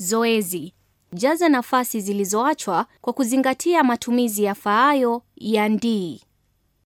Zoezi: jaza nafasi zilizoachwa kwa kuzingatia matumizi yafaayo ya ndii.